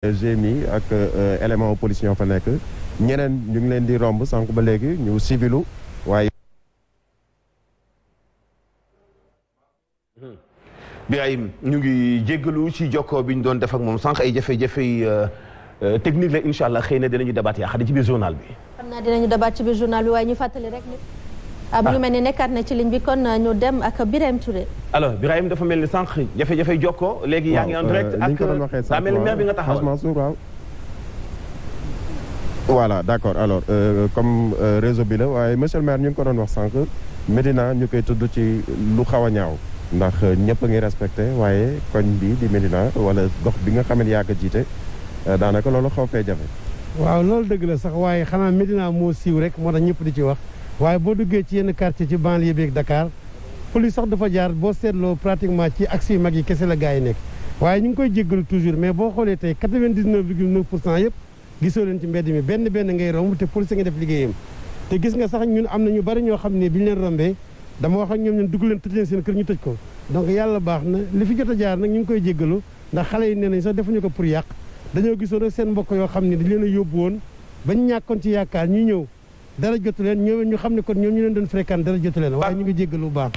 GMI ak euh, élément police ñoo fa nekk ñeneen ñu ngi leen di romb sànq ba léegi ñu civilu waaye Birahim ñu ngi jéggalu ci jokkoo bi ñu doon def ak moom sànq ay jafe-jafe euh, euh, technique la incha allah xëy na dinañu débat yaa xam ci biir journal bi xam naa dinañu débat ci biir journal bi waaye ñu fàttali rek bu ñu mel ni nekkaat na ci ligne bi kon ah, ñu dem ak Birahim Touré. alors Birahim dafa mel ni sànq jafe-jafe jokkoo léegi yaa ngi en direct euh, ak daa mel ni maire bi nga taxawal voilà d' accord alors euh, comme euh, réseau bi la waaye monsieur le maire ñu ngi ko doon wax sànq Médina ñu koy tudd ci lu xaw a ñaaw ndax euh, ñëpp a ngi respecté waaye koñ bi di Médina wala gox bi nga xam ne yaa ko jiite euh, daanaka loolu xaw fee jafe. waaw loolu dëgg la sax waaye xanaa Médina moo siiw rek moo tax ñëpp di ci wax. waaye boo duggee ci yenn quartier ci banlieue bi ak Dakar police sax dafa jaar boo seetloo pratiquement ci axe yu mag yi kese la gars yi nekk waaye ñu ngi koy jéggalu toujours mais boo xoolee tey 99 virgule 9 pour cent yëpp gisoo leen ci mbedd mi benn benn ngay romb te police nga def liggéeyam te gis nga sax ñun am na ñu bari ñoo xam ne bi ñu leen rombee dama wax ak ñoom ñun dugg leen tëj leen seen kër ñu tëj ko donc yàlla baax na li fi jot a jaar nag ñu ngi koy jéggalu ndax xale yi nañ sax defuñu ko pour yàq dañoo gisoon rek seen mbokk xam ne dañ leen a yóbbu woon bañ ñàkkoon ci yaakaar ñuy ñëw dara jotu leen ñoom ñu xam ne kon ñoom ñu leen doon fréquente dara jotu leen waaye ñu ngi jéggal bu baax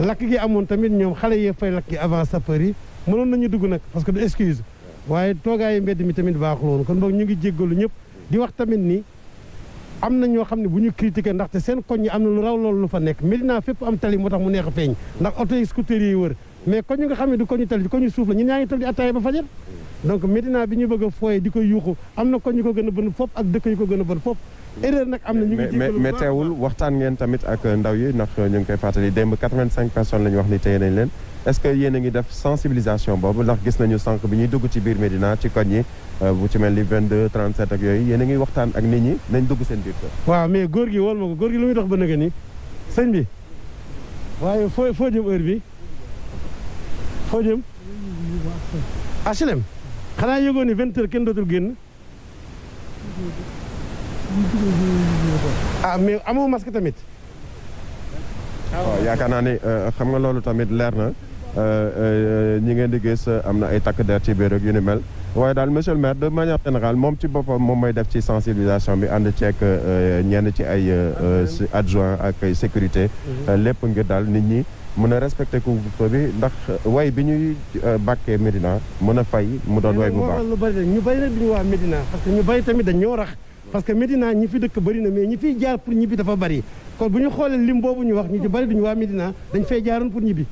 lakk gi amoon tamit ñoom xale yee fay lakk gi avant sapeur yi nañu dugg nag parce que du excuse waaye toogaayu mbedd mi tamit baaxul woon kon boog ñu ngi jéggalu ñëpp di wax tamit nii am na ñoo xam ne bu ñu critiqué ndaxte seen koñ ñi am na lu raw loolu lu fa nekk Medina fépp am tali moo tax mu neex a feeñ ndax oto yi scooter yi wër mais nga xam ne du koñu tali du koñu bi ñu bëgg a di ko yuuxu am na koñ ñu ko gën a bon fop ak dëkk yu ko gën a bon fop Mm. erreur nag am na ñu ngi mais mais teewul waxtaan ngeen tamit ak ndaw yi ndax ñu ngi koy fàttali démb 85 personnes la ñu wax ni téye nañ leen est-ce que yéen a ngi def sensibilisation boobu ndax gis nañu sànq bi ñuy dugg ci biir Médina ci koñ yi euh, bu ci mel ni 22 37 ak yooyu yéen a ngi waxtaan ak nit ñi nañ dugg seen biir kër. waaw mais góor gi wol ma ko góor gi lu muy dox ba naka ni sëñ bi waaye foo foo jëm heure bi foo jëm. HLM xanaa yëgoon ni 20 heures kenn dootul génn. ah mais amoo masque tamit. waaw oh, yaakaar naa ni euh, xam nga loolu tamit leer na euh, euh, ñi ngeen di gis am na ay takk der ci biir ak yu ni mel waaye daal monsieur le maire de manière moom ci boppam moom may def ci sensibilisation bi ànd ceeg ñenn ci ay adjoint ak ay sécurité mhm. lépp ngir daal nit ñi mën a respecté couvre-feu bi ndax way bi ñuy bàkkee Médina mën a fay mu doon way bu baax ñu bari nag ñu ñu waa Médina parce ñu bari tamit dañ ñoo rax parce que Médina ñi fi dëkk bëri na mais ñi fiy jaar pour ñibbi dafa bëri kon bu ñu xoolee lim boobu ñu wax ñu ci bëri duñu waa Médina dañ fay jaaroon pour ñibbi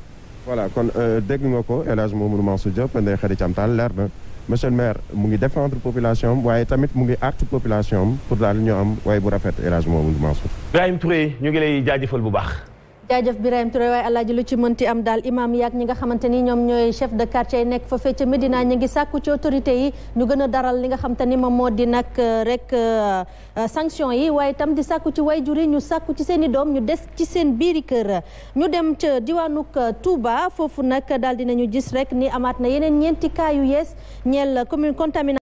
voilà kon euh, dégg nga ko El Hadj Mamadou Mansour Diop Ndeye Khady Thiam Tall leer na monsieur le maire mu ngi défendre population waaye tamit mu ngi artu population pour daal ñu am waaye bu rafet El Hadj Mamadou Mansour Ibrahima ñu ngi lay jaajëfal bu baax jaajëf Birahim Touré waaye alaaji lu ci mënti am daal imaam yaak ñi nga xamante ni ñoom ñooy chef de quartier yi nekk foofee ca Médina ñu ngi sàkku ci autorité yi ñu gën a daral li nga xamante ni moom moo di nag euh, rek euh, euh, sanction yi waaye tam di sàkku ci wayjur yi ñu sàkku ci seen i doom ñu des ci seen biiri kër ñu dem ca diwaanuk Touba foofu nag daal dinañu gis rek ni amaat na yeneen ñeenti cas yu yees ñeel commune contamination